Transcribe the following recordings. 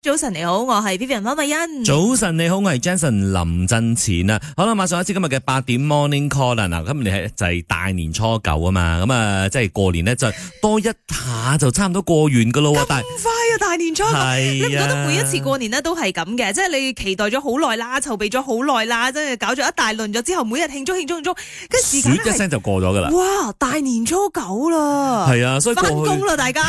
早晨你好，我係 Vivian 溫慧欣。早晨你好，我係 Jason 林振前。啊。好啦，馬上一次今日嘅八點 Morning Call 啦。嗱，今日係就係大年初九啊嘛，咁啊，即係過年咧 就多一下就差唔多過完噶咯。但係呢個大年初，啊、你唔覺得每一次過年咧都係咁嘅？即、就、係、是、你期待咗好耐啦，籌備咗好耐啦，真係搞咗一大輪咗之後，每日慶祝慶祝慶祝，跟住一聲就過咗噶啦。哇！大年初九啦，係啊，所以翻工啦，大家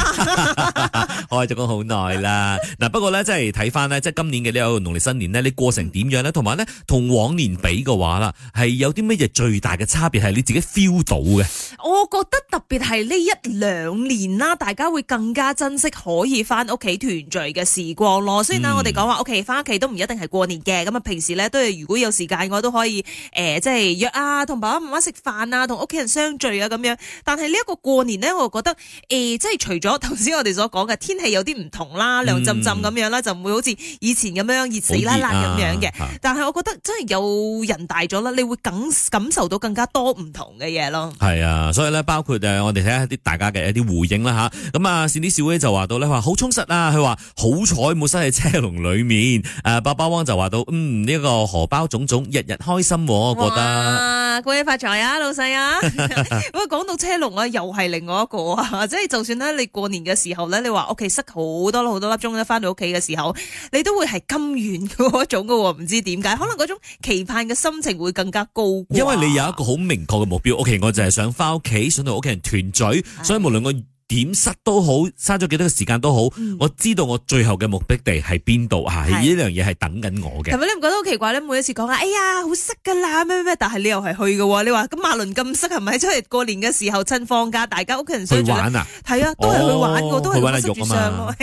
開就講好耐啦。嗱， 不過咧、就是，即係睇翻咧，即係今年嘅呢個農曆新年咧，你過成點樣咧？同埋咧，同往年比嘅話啦，係有啲乜嘢最大嘅差別係你自己 feel 到嘅？我覺得特別係呢一兩年啦、啊，大家會更加珍惜可以翻。屋企團聚嘅時光咯，雖然咧我哋講話屋企返屋企都唔一定係過年嘅，咁啊平時咧都係如果有時間我都可以誒、呃，即係約啊，同爸爸媽媽食飯啊，同屋企人相聚、呃、陣陣陣啦啦啊咁樣。但係呢一個過年咧，我覺得誒，即係除咗頭先我哋所講嘅天氣有啲唔同啦，涼浸浸咁樣啦，就唔會好似以前咁樣熱死啦啦咁樣嘅。但係我覺得真係有人大咗啦，你會感感受到更加多唔同嘅嘢咯。係啊，所以咧包括誒，我哋睇下啲大家嘅一啲回應啦吓。咁啊，善啲小呢就話到咧話好充實。啦，佢話好彩冇塞喺車龍裏面。誒，包包汪就話到，嗯，呢個荷包種種日日開心，我覺得恭喜發財啊，老細啊！喂，講到車龍啊，又係另外一個啊，即係就算咧，你過年嘅時候咧，你話屋企塞好多好多粒鐘咧，翻到屋企嘅時候，你都會係甘願嗰種噶，唔知點解，可能嗰種期盼嘅心情會更加高。因為你有一個好明確嘅目標，屋企我就係想翻屋企，想同屋企人團聚，所以無論我。點塞都好，嘥咗幾多個時間都好，我知道我最後嘅目的地係邊度啊！呢樣嘢係等緊我嘅。係咪你唔覺得好奇怪咧？每一次講下，哎呀，好塞噶啦，咩咩咩，但係你又係去嘅。你話咁馬倫咁塞，係咪出去過年嘅時候趁放假，大家屋企人相聚去玩啊？係啊，都係去玩，個都係塞住箱，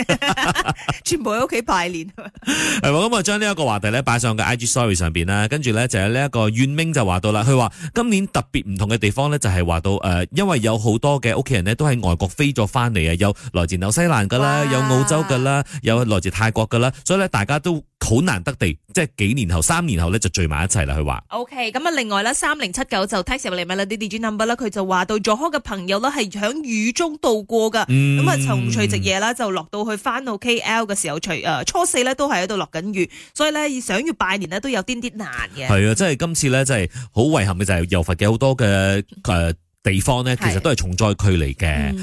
全部喺屋企拜年。係咪？咁我將呢一個話題咧擺上嘅 I G Story 上邊啦，跟住咧就係呢一個軟明就話到啦，佢話今年特別唔同嘅地方呢，就係話到，誒，因為有好多嘅屋企人都喺外國飛。作翻嚟啊！有來自紐西蘭噶啦，哇有澳洲噶啦，有來自泰國噶啦，所以咧大家都好難得地，即係幾年後、三年後咧就聚埋一齊啦。佢話：O K，咁啊，okay，另外咧，三零七九就 Tish 嚟埋啦，啲 digits number 啦，佢就話到，作開嘅朋友啦，係喺雨中度過噶。咁啊、嗯，從除夕夜啦，就落到去翻到 K L 嘅時候，除啊初四咧都係喺度落緊雨，所以咧想要拜年咧都有啲啲難嘅。係啊，即係今次咧，即係好遺憾嘅就係遊佛嘅好多嘅誒。呃地方呢，其實都係重災區嚟嘅，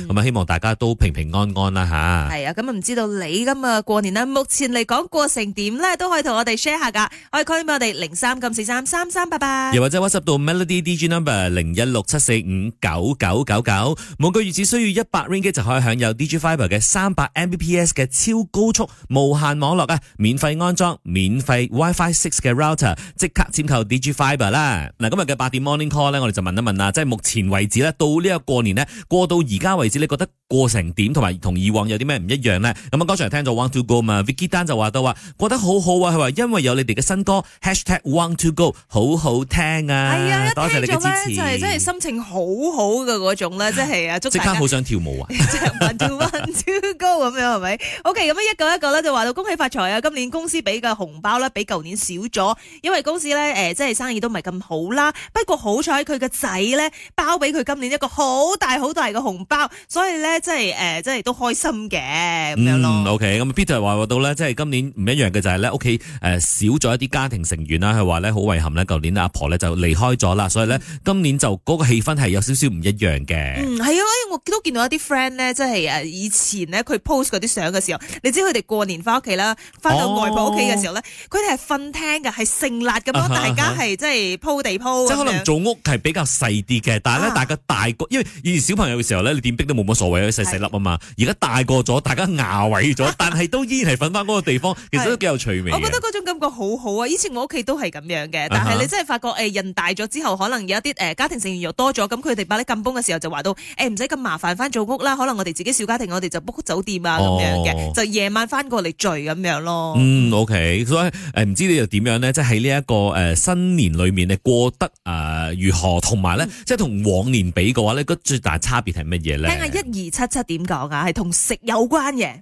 咁啊、嗯，希望大家都平平安安啦嚇。係、嗯、啊，咁啊、嗯，唔知道你咁啊，過年啊，目前嚟講過成點咧，都可以同我哋 share 下噶，可以 call 我哋零三九四三三三八八，又或者 WhatsApp 到 Melody D G Number 零一六七四五九九九九，99 99，每個月只需要一百 Ringgit 就可以享有 D G Fiber 嘅三百 Mbps 嘅超高速無限網絡啊，免費安裝，免費 WiFi Six 嘅 Router，即刻簽購 D G Fiber 啦。嗱、啊，今日嘅八點 Morning Call 咧，我哋就問一問啦，即係目前為到呢個過年呢，過到而家為止，你覺得過成點同埋同以往有啲咩唔一樣呢？咁啊，剛才聽咗《Want To Go》嘛，Vicky Dan 就話到話，覺得好好啊，佢話因為有你哋嘅新歌《Hashtag Want To Go》好好聽啊！係啊、哎呀，一聽咗呢，就係、是、真係心情好好嘅嗰種咧，即係啊，即刻好想跳舞啊！《Want To Want To Go》咁樣係咪？OK，咁一個一個咧就話到恭喜發財啊！今年公司俾嘅紅包咧比舊年少咗，因為公司咧誒，即係生意都唔係咁好啦。不過好彩佢個仔咧包俾。佢今年一個好大好大嘅紅包，所以咧，即係誒，即係都開心嘅咁、嗯、樣咯。OK，咁 Peter 話到咧，即係今年唔一樣嘅就係咧，屋企誒少咗一啲家庭成員啦。佢話咧好遺憾咧，舊年阿婆咧就離開咗啦，所以咧今年就嗰個氣氛係有少少唔一樣嘅。嗯，係啊，我都見到一啲 friend 咧，即係誒以前呢，佢 post 嗰啲相嘅時候，你知佢哋過年翻屋企啦，翻到外婆屋企嘅時候咧，佢哋係瞓廳嘅，係成辣咁咯，大家係、啊啊啊、即係鋪地鋪。即係可能做屋係比較細啲嘅，啊、但係大家大個，因為以前小朋友嘅時候咧，你點逼都冇乜所謂啊，細細粒啊嘛。而家大個咗，大家牙毀咗，但係都依然係瞓翻嗰個地方，其實都幾有趣味。我覺得嗰種感覺好好啊！以前我屋企都係咁樣嘅，但係你真係發覺，誒人大咗之後，可能有一啲誒家庭成員又多咗，咁佢哋擺啲金煲嘅時候就話到，誒唔使咁麻煩翻做屋啦，可能我哋自己小家庭，我哋就 book 酒店啊咁樣嘅，就夜晚翻過嚟聚咁樣咯。嗯，OK，所以誒唔知你又點樣咧？即係喺呢一個誒新年裏面咧過得誒如何，同埋咧即係同往。年比嘅話咧，個最大差別係乜嘢咧？聽下一二七七點講啊，係同食有關嘅。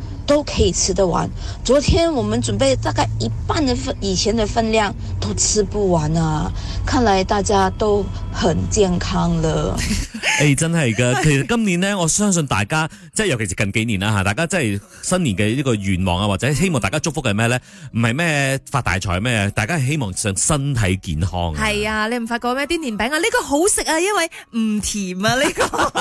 都可以吃得完。昨天我們準備大概一半的分，以前的分量都吃不完啊。看來大家都很健康了。誒、 欸，真係噶，其實今年呢，我相信大家，即係尤其是近幾年啦吓，大家真係新年嘅呢個願望啊，或者希望大家祝福嘅係咩咧？唔係咩發大財，咩大家希望上身體健康。係啊，你唔發覺咩？啲年餅啊，呢、這個好食啊，因為唔甜啊，呢、這個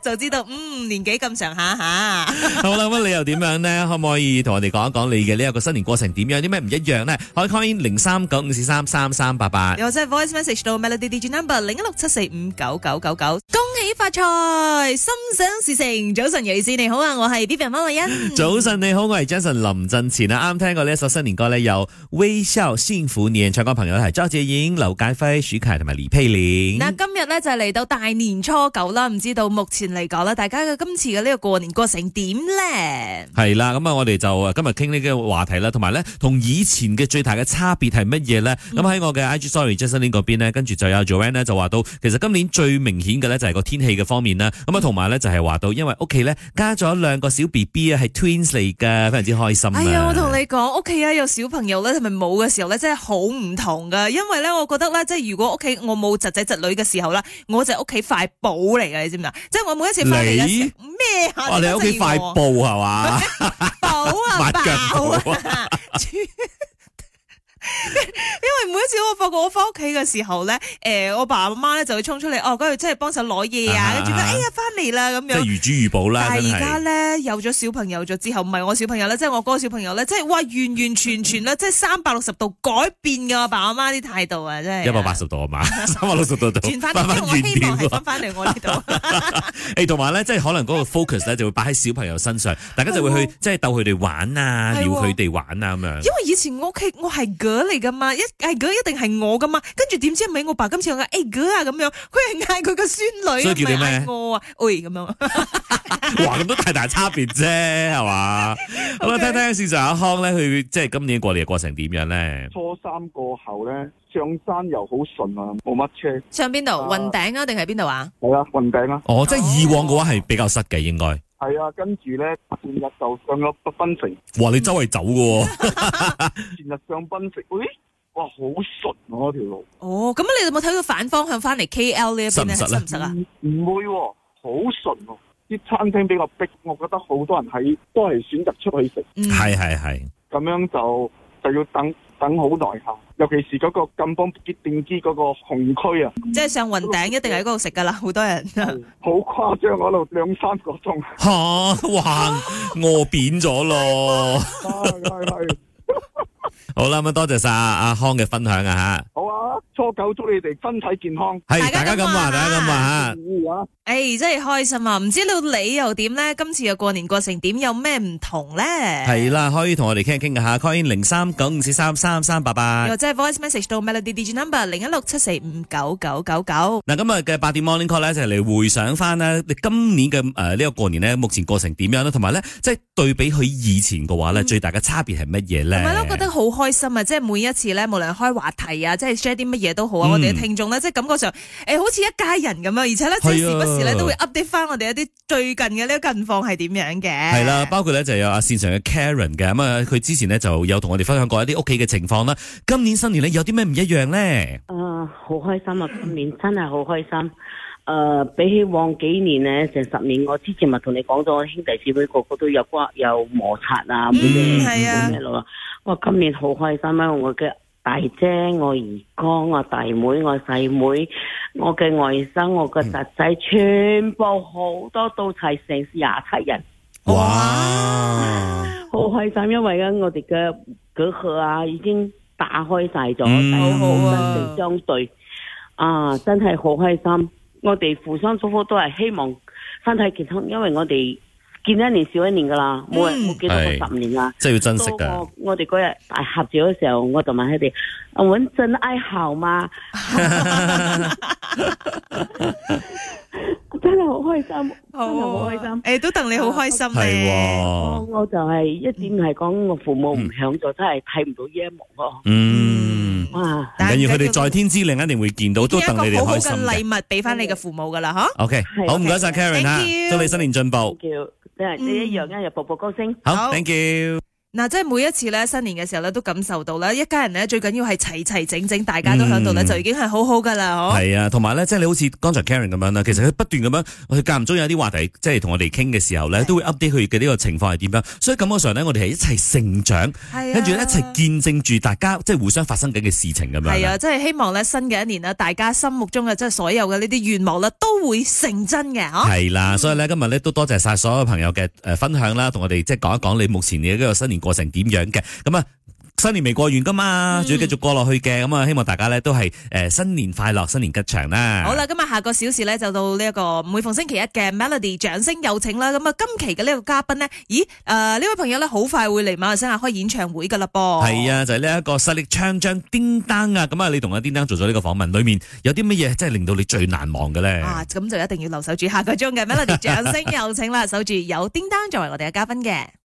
就知道嗯年紀咁上下下。 好啦，乜你又點啊？咧，可唔可以同我哋講一講你嘅呢一個新年過程點樣？啲咩唔一樣咧？可以 call 零三九五四三三三八八，又或者 voice message 到 melody D G number 零一六七四五九九九九，恭喜發財，心想事成。早晨，尤思你好啊，我係 B B 馬麗欣。早晨你好，我係 Jason 林振前啊。啱聽過呢一首新年歌咧，由微笑幸福年唱嘅朋友係張智燕、劉介輝、許凱同埋李佩玲。嗱，今日咧就嚟到大年初九啦。唔知道目前嚟講咧，大家嘅今次嘅呢個過年過程點咧？係啦，咁啊，我哋就今日傾呢個話題啦，同埋咧，同以前嘅最大嘅差別係乜嘢咧？咁喺、嗯、我嘅 IG sorry j u s 嗰邊咧，跟住就有 Joanne 咧就話到，其實今年最明顯嘅咧就係個天氣嘅方面啦。咁啊、嗯，同埋咧就係、是、話到，因為屋企咧加咗兩個小 B B 啊，係 twins 嚟噶，非常之開心、啊。哎呀，我同你講，屋企啊有小朋友咧，同埋冇嘅時候咧，真係好唔同噶。因為咧，我覺得咧，即係如果屋企我冇侄仔侄女嘅時候咧，我就係屋企快寶嚟噶，你知唔知啊？即、就、係、是、我每一次翻嚟你哇！你屋企塊布係嘛？布啊，抹腳布啊 每一次我發覺我翻屋企嘅時候咧，誒，我爸阿媽咧就會衝出嚟，哦，嗰度真係幫手攞嘢啊，跟住就，哎呀，翻嚟啦，咁樣。即係如珠如寶啦。但係而家咧，有咗小朋友咗之後，唔係我小朋友咧，即係我哥小朋友咧，即係哇，完完全全啦，即係三百六十度改變嘅，我爸阿媽啲態度啊，即係。一百八十度啊嘛，三百六十度。轉翻啲好温暖嘅翻嚟我呢度。誒，同埋咧，即係可能嗰個 focus 咧，就會擺喺小朋友身上，大家就會去即係逗佢哋玩啊，撩佢哋玩啊，咁樣。因為以前我屋企我係哥嚟噶嘛，一。係佢一定係我噶嘛？跟住點知唔係我爸？今次我講佢啊咁樣，佢係嗌佢個孫女咪咩？叫你叫我啊？喂咁樣，哇 咁都大大差別啫係嘛？好啦，聽聽事實阿康咧，佢即係今年過年過程點樣咧？初三過後咧，上山又好順啊，冇乜車。上邊度雲頂啊，定係邊度啊？係啊，雲頂啊。哦，即係以往嘅話係比較塞嘅、哦、應該該。係啊，跟住咧前日就上咗北濱城。哇、嗯，你周圍走嘅、啊？前日上濱城，喂、哎。哇，好順啊！嗰條路哦，咁你有冇睇到反方向翻嚟 KL 呢一邊咧？唔實，實啊，唔會、啊，好順哦。啲餐廳比較逼，我覺得好多人喺都係選擇出去食。係係係，咁樣就就要等等好耐下，尤其是嗰個近邦決定之嗰個紅區啊，即係上雲頂一定喺嗰度食噶啦，好多人。好誇張嗰度兩三個鐘。吓、啊，哇，餓、啊、扁咗咯。好啦，咁多謝晒阿康嘅分享啊吓。好啊。多久？祝你哋身體健康。係大家咁話，大家咁話嚇。誒，真係開心啊！唔知道你又點咧？今次嘅過年過成點，有咩唔同咧？係啦，可以同我哋傾一傾下，call in 零三九五四三三三八八，或者 voice message 到 Melody Digital Number 零一六七四五九九九九。嗱，今日嘅八點 Morning Call 咧，就嚟回想翻啦，你今年嘅誒呢個過年咧，目前過成點樣咧？同埋咧，即係對比佢以前嘅話咧，最大嘅差別係乜嘢咧？我覺得好開心啊！即係每一次咧，無論開話題啊，即係 share 啲乜嘢。嗯、都好啊！我哋嘅聽眾咧，即係感覺上誒、欸，好似一家人咁樣，而且咧，即係時不時咧都會 update 返我哋一啲最近嘅呢近況係點樣嘅。係啦，包括咧就有阿線上嘅 Karen 嘅咁啊，佢之前咧就有同我哋分享過一啲屋企嘅情況啦。今年新年咧有啲咩唔一樣咧？誒、呃，好開心啊！今年真係好開心。誒、呃，比起往幾年呢，成十年，我之前咪同你講咗，兄弟姊妹個個都有有摩擦啊。嗯，係啊年。我今年好的開心啊！我嘅大姐、我二哥、我大妹、我細妹，妹、我嘅外甥、我嘅侄仔，全部好多都齊，成廿七人。哇！好哇開心，因為咧、啊，我哋嘅嗰盒啊已經打開晒咗，嗯、一好真好相、啊、對啊，真係好開心。我哋互相祝福都係希望身體健康，因為我哋。見一年少一年噶啦，冇冇見到十年啦。即係要珍惜噶。我我哋嗰日大合照嘅時候，我就問佢哋：穩陣挨後嘛？真係好開心，真係好開心。誒，都戥你好開心咧。我我就係一點係講，我父母唔喺咗，真係睇唔到呢一幕咯。嗯，哇！但係佢哋在天之靈一定會見到，都戥你開心嘅。一個好好嘅禮物俾翻你嘅父母噶啦，吓。OK，好唔該晒 Karen 啊，祝你新年進步。你一樣一日步步高升。好，thank you。嗱，即係每一次咧新年嘅時候咧，都感受到啦，一家人咧最緊要係齊齊整整，大家都喺度呢、嗯、就已經係好好噶啦，係啊，同埋咧，即係你好似剛才 Karen 咁樣啦，其實佢不斷咁樣，我哋間唔中有啲話題，即係同我哋傾嘅時候呢，啊、都會 update 佢嘅呢個情況係點樣，所以感覺上呢，我哋係一齊成長，跟住、啊、一齊見證住大家即係互相發生緊嘅事情咁樣。係啊，即係希望呢，新嘅一年呢，大家心目中嘅即係所有嘅呢啲願望呢都會成真嘅，係啦、啊，所以呢，今日呢，都多謝晒所有朋友嘅誒、呃、分享啦，同我哋即係講一講你目前嘅一個新年。過程點樣嘅？咁啊，新年未過完噶嘛，仲要繼續過落去嘅。咁啊、嗯，希望大家咧都係誒新年快樂，新年吉祥啦。好啦，今日下個小時咧就到呢、這、一個每逢星期一嘅 Melody 掌聲有請啦。咁啊，今期嘅呢個嘉賓呢，咦誒呢、呃、位朋友咧好快會嚟馬來西亞開演唱會噶啦噃。係啊，就係呢一個實力唱將叮當啊。咁啊，你同阿叮當做咗呢個訪問，裏面有啲乜嘢真係令到你最難忘嘅咧？啊，咁就一定要留守住下個鐘嘅 Melody 掌聲有請啦， 守住有叮當作為我哋嘅嘉賓嘅。